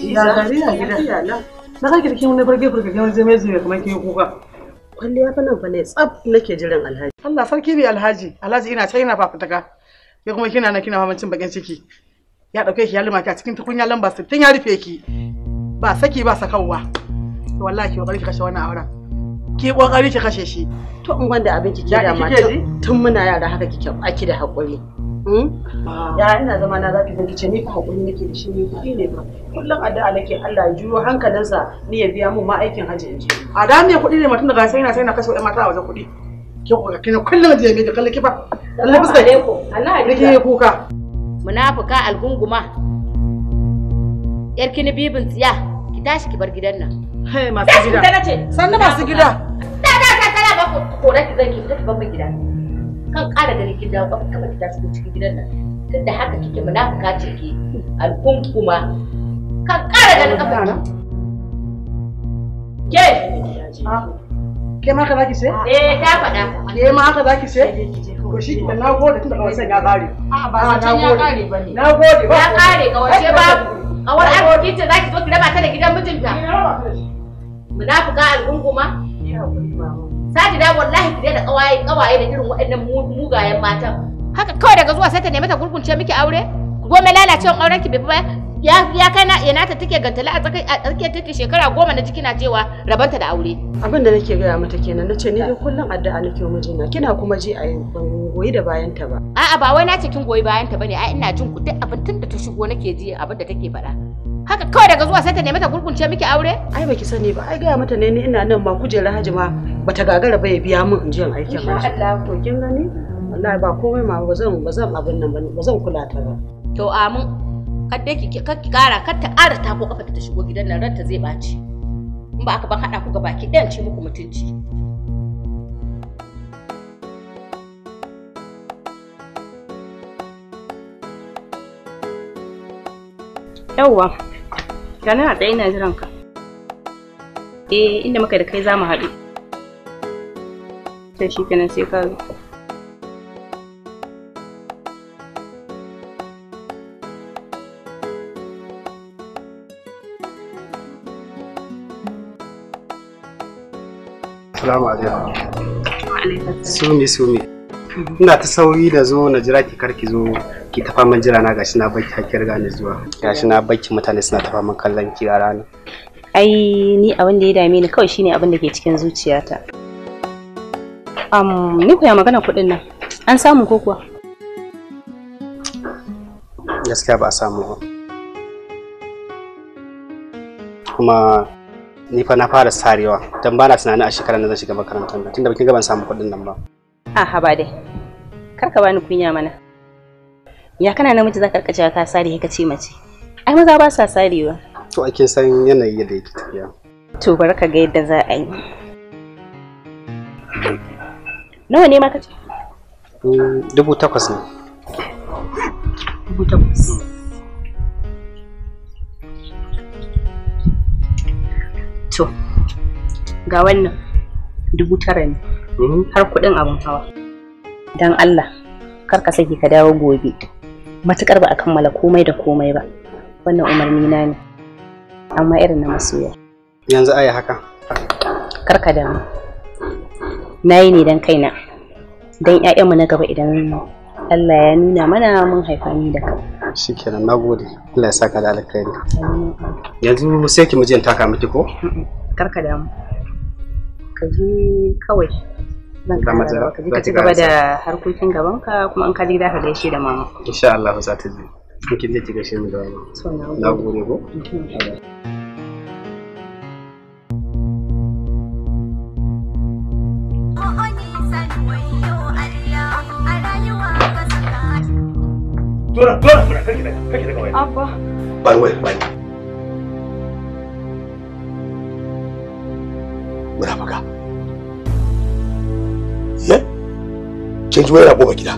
Hadiza. Lafiya gida. Na kake da kin wani farge farge kan zai mai zuwa kamar kin kuka. Kwalle ya fana nan ne tsaf nake jiran Alhaji. Allah sarki bi Alhaji. Alhaji ina ta ina fafutaka. Ke kuma kina na kina mamancin bakin ciki. Ya dauke ki ya lima ki a cikin tukunya lamba 60 ya rufe ki. Ba saki ba sakawa. To wallahi ki kokari ki kashe wannan auren. Ki kokari ki kashe shi. To in wanda abin ki kira ma tun muna yara haka kike ake da hakuri. ya ina zama na zaki zaki ce ni fa hakuri nake da shi ne kudi ne ba kullum addu'a nake Allah ya juyo hankalinsa ni ya biya mu ma aikin haji in je a da me kuɗi ne mutum daga sai na sai na kashe mata a waje kuɗi ke ku kina kullum je me da kallaki fa Allah fuska ne ku Allah ya kuka munafika algunguma yar kini bibin tsiya ki tashi ki bar gidan nan masu gida sannu masu gida da da ta tara ba ku kora ki zan ki tafi ban gida kan ƙara ganin kin dawo kafa kafa ta shigo cikin gidan nan da haka kike munafuka ce ke kuma kan ƙara ganin kafa ke ah. ke ma ka zaki sai eh ta faɗa ke ma ka zaki sai ko shi ki na gode tunda kawai sai ya ƙare a ba ah, na gode na gode ba ya kare ƙare wace ba kawar arziki ce zaki zo ki raba ta da gidan mijinta munafuka kuma ya hakuri ba Sajida wallahi ki daina kawaye kawaye da irin waɗannan mugayen matan. Haka kawai daga zuwa sai ta nemi ta gurgunce miki aure? Gome lalacewan auren ki bai ba ya ya kai yana ta take gantala a tsakiyar take shekara goma na ciki na cewa rabanta da aure. Abin da nake gaya mata kenan nace ni dai kullum addu'a nake wa mijina kina kuma ji a yin goyi da bayan ta ba. A'a ba wai na cikin kin goyi bayan ta bane ai ina jin ku duk abin tun da ta shigo nake ji abin da take faɗa. haka kawai daga zuwa sai ta nemi ta gurgunce miki aure ai baki sani ba ai gaya mata ne ni ina nan ba kujerar hajima bata gagara ba ya biya min in je in aikin hajji insha Allah to kin gani wallahi ba komai ma ba zan ba zan abin nan ba zan kula ta ba to amin kadda ki ki kara kar ta ara ta ko kafa ta shigo gidan nan ranta zai baci in ba aka ban hada ku ga baki dan ce muku mutunci yawwa kana a tsaye ina jiran ka. Eh inda muka da kai za mu haɗu. Ta shi kenan sai ka zo. Salamu alaikum. Sumi sumi. Mm-hmm. Ina ta sauri da zo na jira ki karki zo ki ta min jira na gashi na baki hakiyar gane zuwa gashi na baki mutane suna ta faman kallon ki rana ai ni abin da ya dame ni kawai shine abin da ke cikin zuciyata um ni kuya magana kuɗin nan an samu ko kuwa gaskiya ba a samu ba kuma ni fa na fara sarewa don ba na tunanin a shekarar da zan shiga makarantar tunda ba bakin gaban samu kuɗin nan ba a haba dai kar ka bani kunya mana ya kana namiji za ka cewa ka sare ka ce mace ai maza ba sa sarewa to ake san yanayi yadda yake tafiya to bari ka ga yadda za a yi nawa ne ma ka ce mm, dubu takwas ne dubu takwas mm. to ga wannan dubu tara ne mm-hmm. har kuɗin abin hawa don Allah kar ka saki ka dawo gobe matukar ba a kammala komai da komai ba wannan umarni na ne amma irin na masoya yanzu aya haka karka damu na yi ne don kaina don 'ya'yanmu na gaba idan Allah ya nuna mana mun haifa ni da kai shi kenan na gode Allah ya saka da alkhairi yanzu sai ki mu je taka miki ko karka damu ka je kawai ban kara ba ka je ka ci gaba da harkokin gaban ka kuma an kaji za ka gaishe da mama insha Allah za ta je kin je ki gaishe mu da mama na gode ko Tura, mhm. tura, tura, kake daga, kake daga waya. Abba. Bani waya, bani. Muna baka. change where yana gida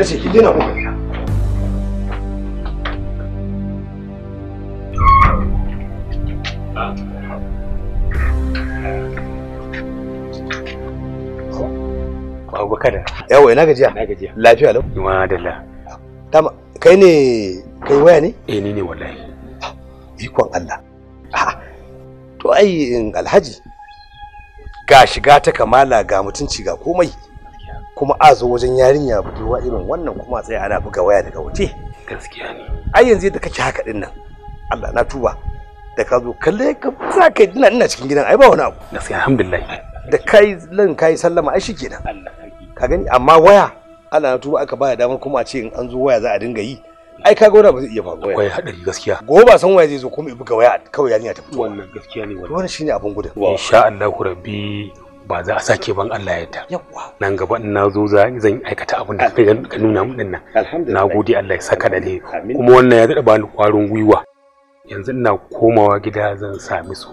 let's see ki daina kofar gida kada. Yawo ina gajiya? gajiya. Lafiya lau? kai ne kai waya ne? Eh ni ne wallahi. Ah, ikon Allah. Ah, to ai Alhaji ga shiga ta kamala ga mutunci ga komai kuma a zo wajen yarinya budurwa irin wannan kuma tsaye ana buga waya daga waje gaskiya ne ai yanzu da kake haka din nan Allah na tuba da ka zo kalle ka za ka ina ina cikin gidan ai ba wani abu gaskiya alhamdulillah da kai lan kai sallama ai shikenan Allah ka gani amma waya Allah na tuba aka ba da damar kuma a ce in an zo waya za a dinga yi ai kaga wannan ba zai iya faruwa akwai hadari gaskiya gobe ba san waye zai zo kuma ibi waya kawai yarinya ta fito wannan gaskiya ne wannan wannan shine abin gudu insha Allah rabbi ba za a sake ban Allah ya ta nan gaba in nazo zan aikata abin da ka nuna min dinnan na gode Allah ya saka da ne kuma wannan ya dada ba ni kwarin gwiwa yanzu ina komawa gida zan sami su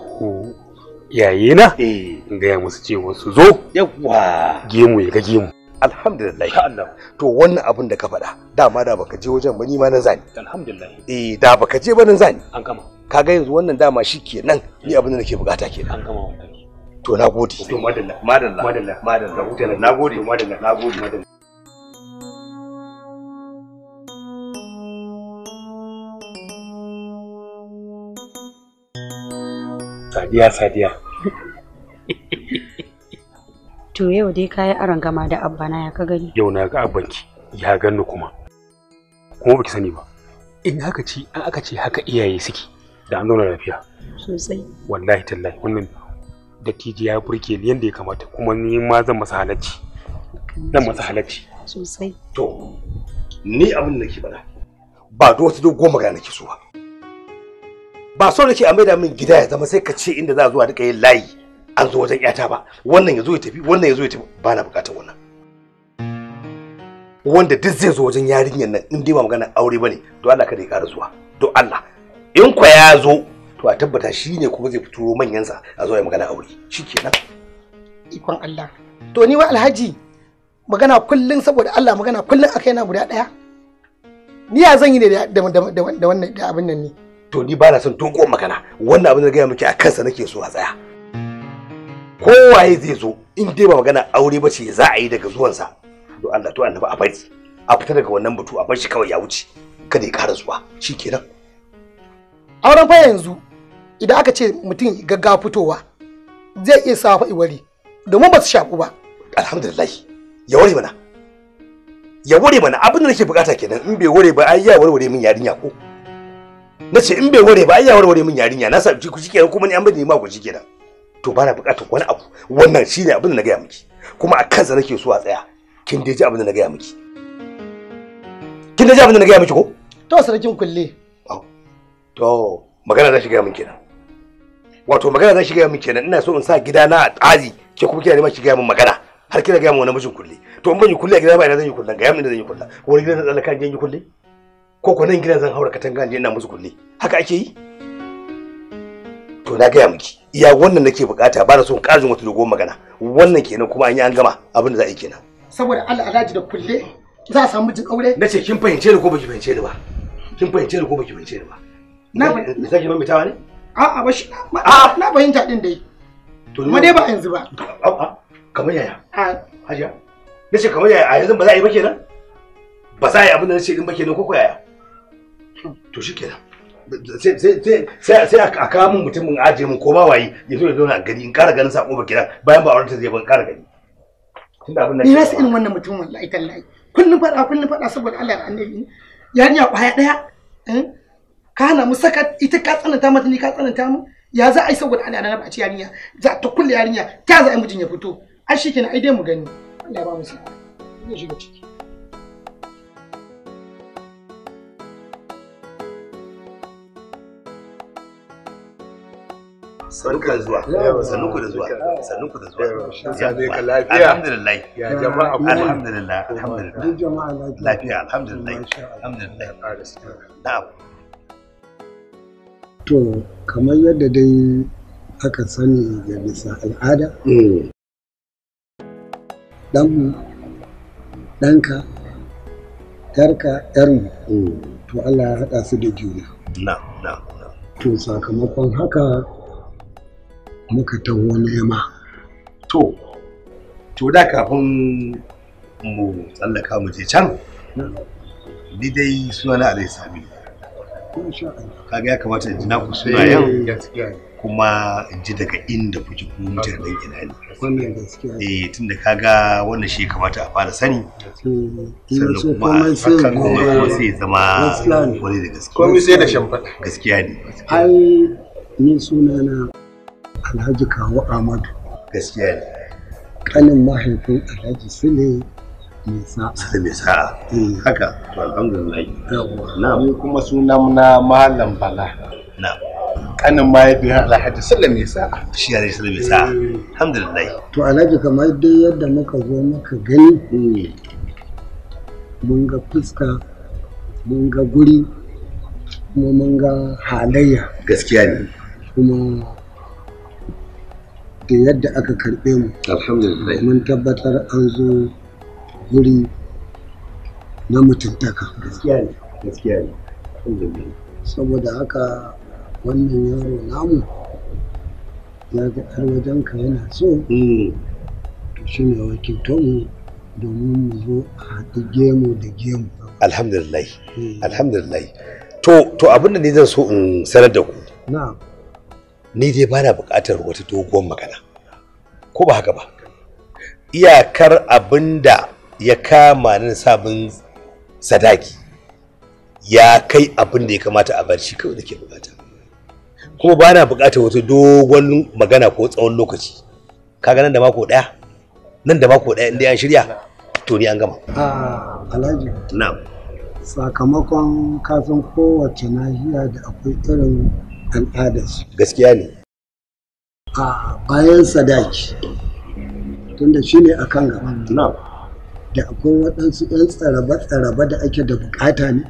iyaye na eh. in gaya musu cewa su zo yawa gemu ya ga gemu alhamdulillah to wannan abin da ka faɗa dama da baka je wajen ba ni ma nan zani alhamdulillah eh da baka je ba nan zani an gama kaga yanzu wannan dama shi kenan ni abin da nake bukata kenan an gama wannan to na gode to madalla madalla madalla madalla hutana na gode madalla na gode madalla Sadiya, sadiya. To yau dai kayi arangama da abba na ya ka gani. Yau na ga ki. ya ganni kuma. Kuma baki sani ba. In haka ci an aka ce haka iyaye suke da an zauna lafiya. Sosai. Wallahi tallahi wannan tiji ya burke ni yadda ya kamata kuma ni ma zan masa halacci. Zan masa halacci. Sosai. To ni abin da ke bada ba da wata dogon magana nake so ba. Ba so nake a maida min gida ya zama sai ka ce inda za a zuwa duka yin layi. an zo wajen yata ba wannan ya zo ya tafi wannan ya zo ya tafi ba na bukatar wannan wanda duk zai zo wajen yarinyar nan in dai ba magana aure bane to Allah kada ya ƙara zuwa to Allah in kwa ya zo to a tabbata shi ne kuma zai fituro manyansa a zo ya magana aure shikenan ikon Allah to ni wa alhaji magana kullun saboda Allah magana kullun aka yana guda daya ni ya zan yi ne da wannan abin nan ne to ni ba na son tokon magana wannan abin da ga miki a kansa nake so a tsaya kowaye zai zo in dai ba magana aure ba ce za a yi daga zuwansa to Allah to annabi a bari a fita daga wannan batu a bar shi kawai ya wuce kada ya ƙara zuwa shikenan auren fa yanzu idan aka ce mutum gaggawa fitowa zai iya sa fa iwari domin ba su shaku ba alhamdulillah ya ware mana ya ware mana abin da nake bukata kenan in bai ware ba ai ya warware min yarinya ko na ce in bai ware ba ai ya warware min yarinya na sa ku shikenan kuma ni an bada ma ku shikenan to bana bukatar wani abu wannan shine abin da na gaya miki kuma a kansa nake so a tsaya kin dai ji abin da na gaya miki kin dai ji abin da na gaya miki ko to sarkin kulle to magana za shi gaya miki kenan wato magana za shi gaya miki kenan ina so in sa gidana a tsazi ke kuma kina neman shi gaya min magana har kina gaya min wani mijin kulle to in ban yi kulle a gida ba ina zan yi kullen gaya min da zan yi kullen wani gidan zan tsallaka in yi kulle ko ko nan gidan zan haura katanga in je ina musu kulle haka ake yi to na gaya miki iya wannan nake bukata ba da son ƙarin wata dogon magana wannan kenan kuma an yi an gama abin da za a yi kenan saboda Allah alhaji da kulle za a samu mijin aure na ce kin fahimce ni ko baki fahimce ni ba kin fahimce ni ko baki fahimce ni ba na ba sai ki mamitawa ne a ba shi na fahimta din dai to ma dai ba yanzu ba a kamar yaya a haja na ce kamar yaya a yanzu ba za a yi ba kenan ba za a yi abin da na ce din ba kenan ko ko yaya hmm. to shi kenan sai a kawo min mutumin ajiye min ko ba waye ya zo ya a gari in ƙara ganin sako ba kiran bayan ba aurenta zai ban gani tunda abin da ni sai san wannan mutum wallahi tallahi kullun faɗa kullun faɗa saboda Allah da annabi yarinya kwaya daya eh? ka hana mu saka ita ka tsananta mata ni ka tsananta mu ya za a yi saboda Allah na ba ci yarinya za ta kulle yarinya ta za a yi mijin ya fito ai shikenan ai dai mu gani Allah ya ba mu sa'a zai shiga ciki sannuku da zuwa sannuku da zuwa sannuku da zuwa sabe ka lafiya alhamdulillah ya jama'a alhamdulillah alhamdulillah lafiya alhamdulillah alhamdulillah na'am to kamar yadda dai aka sani ya bisa al'ada hmm. ɗanmu ɗanka yarka yarmu hmm. to Allah ya haɗa su da juna to sakamakon haka muka taho nema to to da kafin mu tsallaka mu je can ni dai suna na alai sami kaga ya kamata in ji na ku suna yau kuma in ji daga inda kuke ku mutanen ina ne eh tunda kaga wannan shi kamata a fara sani hmm. sannan kuma hakan kuma sai zama wani da gaskiya komai sai da shamfada gaskiya ne ai ni sunana alhaji kawo amadu. gaskiya ne kanin mahaifin alhaji su ne mai sa'a eh. haka to alhamdulillah na mu kuma sunan na malam bala na kanin mahaifin alhaji su mai sa'a shi ya su mai sa'a eh. alhamdulillah to alhaji kamar dai yadda muka zo muka gani mm. mun ga fuska mun ga guri kuma mun ga halayya gaskiya ne kuma da yadda aka karɓe mu alhamdulillah mun tabbatar an zo wuri na mutuntaka gaskiya ne gaskiya ne saboda haka wannan yaro namu ya ga har wajen ka yana so hmm. to shi ne wakilto mu domin mu zo a haɗi gemu da gemu alhamdulillah hmm. alhamdulillah to to abin da ne zan so in sanar da ku na'am ni dai ba na buƙatar wata doguwar magana ko ba haka ba iyakar abin da ya kama nan sabon sadaki ya kai abin da ya kamata a bar shi kawai da ke buƙata kuma ba na buƙatar wata dogon magana ko tsawon lokaci kaga nan da mako daya nan da mako daya inda an shirya to ni an gama alhaji na'am sakamakon kasan kowace nahiya da akwai irin al'adarsu gaskiya ne a bayan sadaki tunda shi ne a kan gaba da akwai waɗansu 'yan tsaraba-tsaraba da ake da bukata ne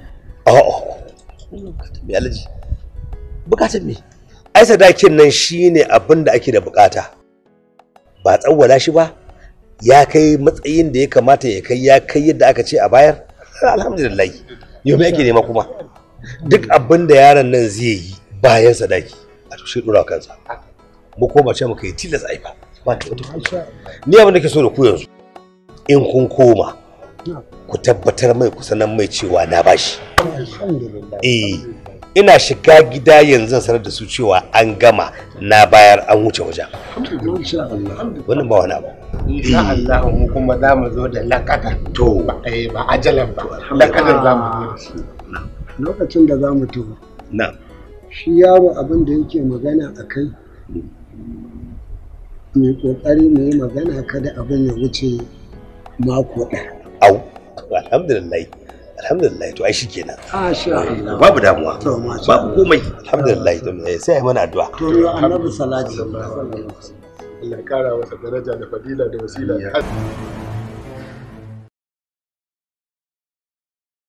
a'a me alaji bukatan me ai sadakin nan shi ne abin da ake da bukata ba tsawwala shi ba ya kai matsayin da ya kamata ya kai ya kai yadda aka ce a bayar alhamdulillah yau me ake nema kuma duk abin da yaron nan zai yi bayan sadaki a to sai dora kansa mu koma ce muka yi tilas a ba ba ta wata ni abin da ke so da ku yanzu in kun koma ku tabbatar mai ku sanan mai cewa na bashi eh ina shiga gida yanzu sanar da su cewa an gama na bayar an wuce wajen wannan ba wani abu insha eh. Allah mu kuma za mu zo da lakata to eh, ba ajalan ba lakatar za mu zo da shi lokacin da za mu tuhu na'am shi yaro abin da yake magana a kai mai kokari mu yi magana kada abin ya wuce mako ɗaya au alhamdulillah alhamdulillah to ai shi kenan babu damuwa babu komai alhamdulillah sai ai mana addu'a to annabi salati Allah ya kara masa daraja da fadila da wasila